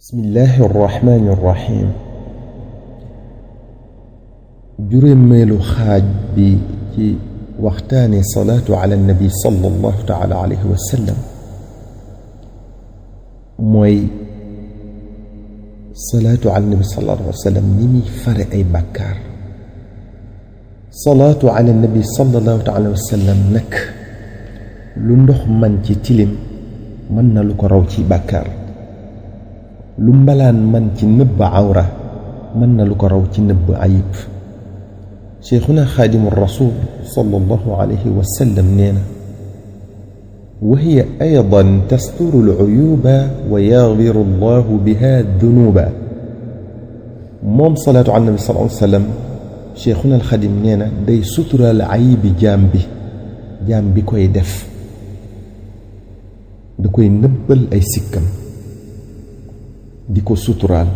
بسم الله الرحمن الرحيم جرم ميلو خاج بي كي وقتاني صلاة على النبي صلى الله تعالى عليه وسلم موي صلاة على النبي صلى الله عليه وسلم نمي فرق أي صلاة على النبي صلى الله عليه وسلم نك لندخ من تتلم من نلقى روتي بكار lu mbalaan man ci nëbb awra mën na lu ko raw ci nëbb ayib cheikhuna xaadimu rasul sallallahu alayhi wa nee na وهي أيضا تستر العيوب ويغفر الله بها الذنوب موم صلاة على النبي صلى الله عليه وسلم شيخنا الخادم نينا داي ستر العيب جامبي جامبي كوي دف دكوي نبل أي سكم di ko suturaal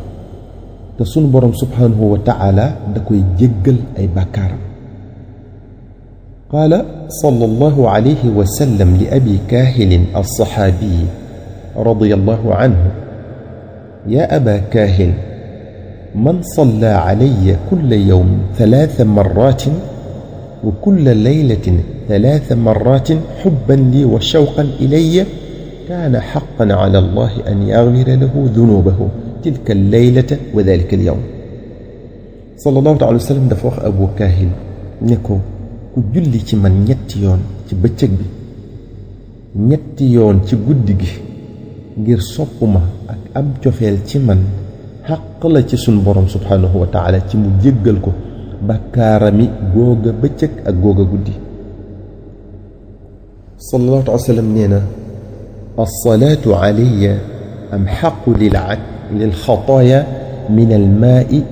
te sunu borom subhanahu wa taala da koy jéggal ay bàkkaaram qaala sallallahu alayhi wa sallam li abi kaahilin alsaxaabiyi radiyallahu anhu ya aba kaahil من صلى علي كل يوم ثلاث مرات وكل ليلة ثلاث مرات حبا لي وشوقا إلي كان حقا على الله ان يغفر له ذنوبه تلك الليله وذلك اليوم صلى الله عليه وسلم دفوخ ابو كاهل نكو كجولي تي من نيتيون تي بتيك بي نيتيون تي غير صوبما اك ام تيوفيل تي من حق لا تي سن سبحانه وتعالى تي مو بكارمي كو بكارامي غوغا بتيك غودي صلى الله عليه وسلم نينا الصلاة علي أمحق للخطايا من الماء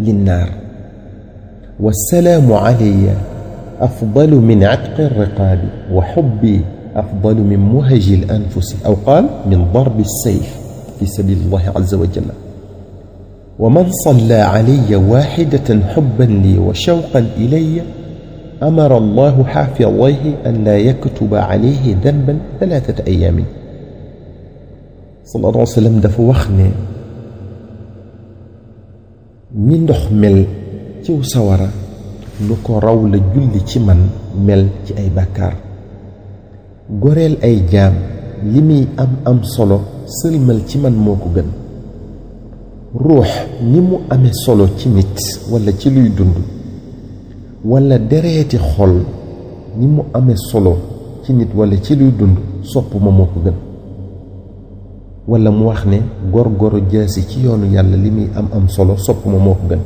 للنار والسلام علي أفضل من عتق الرقاب وحبي أفضل من مهج الأنفس أو قال من ضرب السيف في سبيل الله عز وجل ومن صلى علي واحدة حبا لي وشوقا إلي أمر الله حافظيه أن لا يكتب عليه ذنبا ثلاثة أيام صلى الله عليه وسلم دفوخني من دخمل كيو سورا نكو رول جل كمن مل كي أي بكار غوريل أي جام لمي أم أم صلو سلم كمن موكو جن. روح نمو أم صلو كمت ولا كيلو يدندو wala dereeti xol ni mu ame solo ci nit walla ci luy dund sopp ma moo ko gën wala mu wax ne góor-góoru jaasi ci yoonu yàlla li muy am am solo sopp ma moo ko gën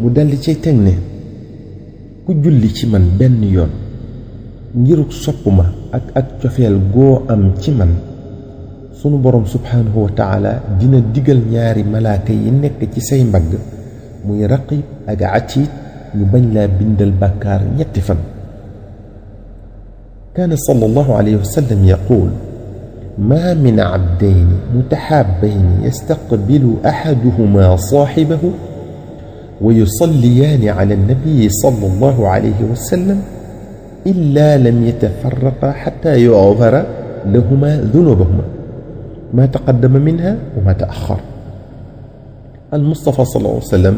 mu daldi ci teg ne ku julli ci man benn yoon ngiruk sopp ma ak ak cofeel goo am ci man sunu boroom subhaanahu wa dina digal ñaari malaaka yi nekk ci say mbagg muy raqib ak atiit ñu bañ laa bindal bàkkaar ñetti fan كان صلى الله عليه وسلم يقول ما من عبدين متحابين يستقبل احدهما صاحبه ويصليان على النبي صلى الله عليه وسلم الا لم يتفرقا حتى يغفر لهما ذنوبهما ما تقدم منها وما تاخر المصطفى صلى الله عليه وسلم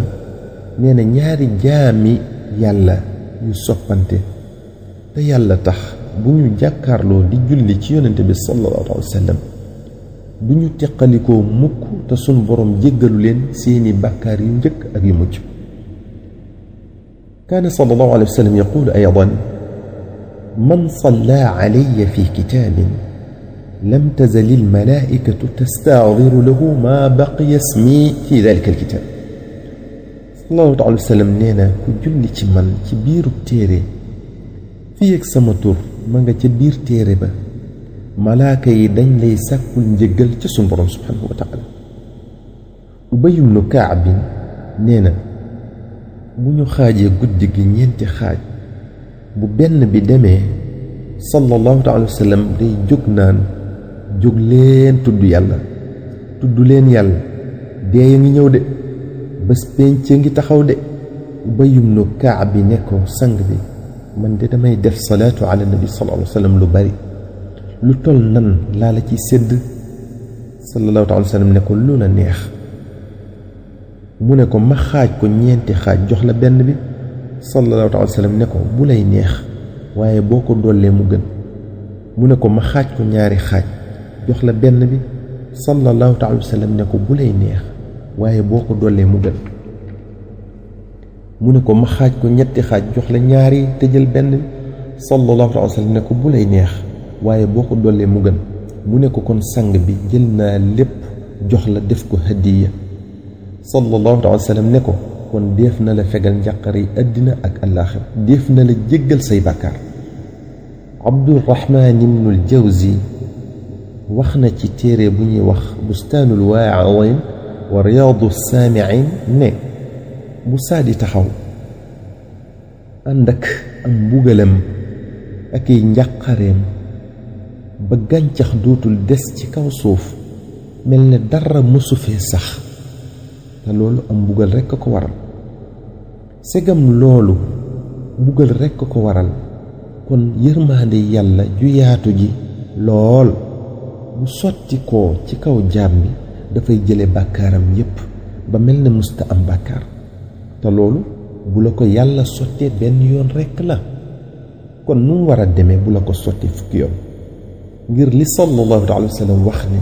nee na ñaari jaami yàlla yu soppante te yàlla tax bu ñu jàkkaarloo di julli ci yonente bi sallallahu alayhi wa sallam du ñu teqalikoo mukk te sun borom jéggalu leen seeni bàkkaar yu njëkk ak yu mujj كان صلى الله عليه وسلم يقول أيضا من صلى علي في كتاب لم تزل الملائكة تستعذر له ما بقي اسمي في ذلك الكتاب sallallahu alayhi wa nee na ku julli ci man ci biirub téere fii sama tur ma nga ca biir téere ba malaaka yi dañ lay sàkkul njëggal ca sunu borom subhaanahu wa taala Ubay ibnu Kaab nee na bu ñu xaajee guddi gi ñeenti xaaj bu benn bi demee sallallahu alayhi jóg naan jóg tudd yàlla tudd leen yàlla dee ya ngi ñëw de bés penc ngi taxaw de ubayum nu kaab bi nekkoo ko sang bi man de damay def salaatu ala nabi sallallahu lu bari lu tol nan laa la ci sédd sallallahu alayhi wa sallam ne ko lu la neex mu ne ko ma xaaj ko ñeenti xaaj jox la benn bi sallallahu alayhi wa sallam ne ko bu neex waaye boo ko dollee mu gën mu ne ko ma xaaj ko ñaari xaaj jox la benn bi sallallahu alayhi wa sallam ne ko bu lay neex waaye boo ko dollee mu gën mu ne ko ma xaaj ko ñetti xaaj jox la ñaari te jël benn sallallahu alayhi wa sallam ne ko bu lay neex waaye boo ko dollee mu gën mu ne ko kon sang bi jël naa lépp jox la def ko hadiya sallallahu alayhi wa sallam ne ko kon def na la fegal njàqare yi àddina ak àllaaxira def na la jéggal say bàkkaar abdurrahman ibnul jawzi wax na ci téere bu ñuy wax bustaanul waawayn wa riyaadu saamiin ne bu saadi taxaw ànd ak am mbugalam ak i njàqareem ba gàncax dootul des ci kaw suuf mel ne dara mësu fee sax te loolu am mbugal rekk a ko waral segam loolu mbugal rekk a ko waral kon yërmaande yàlla ju yaatu ji lool bu sotti ko ci kaw jaam bi dafay jële bakaram yépp ba melni musta am bakar te loolu bu la ko yàlla sotté benn yoon rek la kon nu mu war a demee bu la ko sotté fukki yoon ngir li sallallahu alayhi wa sallam wax ne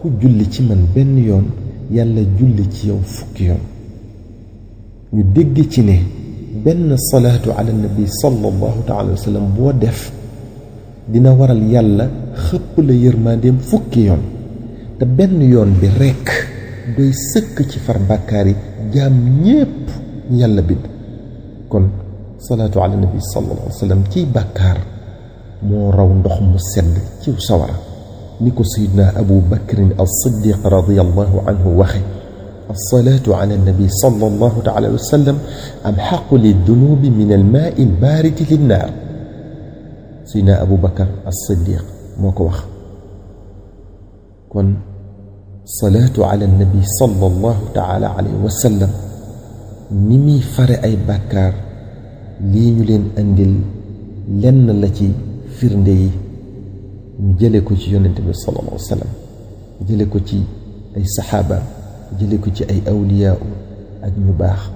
ku julli ci man benn yoon yàlla julli ci yow fukki yoon ñu dégg ci ne benn salaatu ala nabi sallallahu taala wa sallam boo def dina waral yàlla xëpp la yërmandeem fukki yoon te benn yoon bi rekk doy sëkk ci far bàkkaar yi jaam ñépp yàlla bind kon salaatu ala nabi sallallahu alayhi wa sallam ciy bàkkaar moo raw ndox mu sedd ci sawara ni ko sayidna abu bakrin al siddiq radiallahu anhu waxe الصلاة على النبي صلى الله عليه وسلم أمحق للذنوب من الماء البارد للنار سيدنا أبو بكر الصديق موكو وخ كن صلاة على النبي صلى الله تعالى عليه وسلم نمي فر أي بكر لين لين أندل لن التي فرندي مجلكو تي النبي صلى الله عليه وسلم مجلكو تي أي صحابة مجلكو تي أي أولياء أجمباخ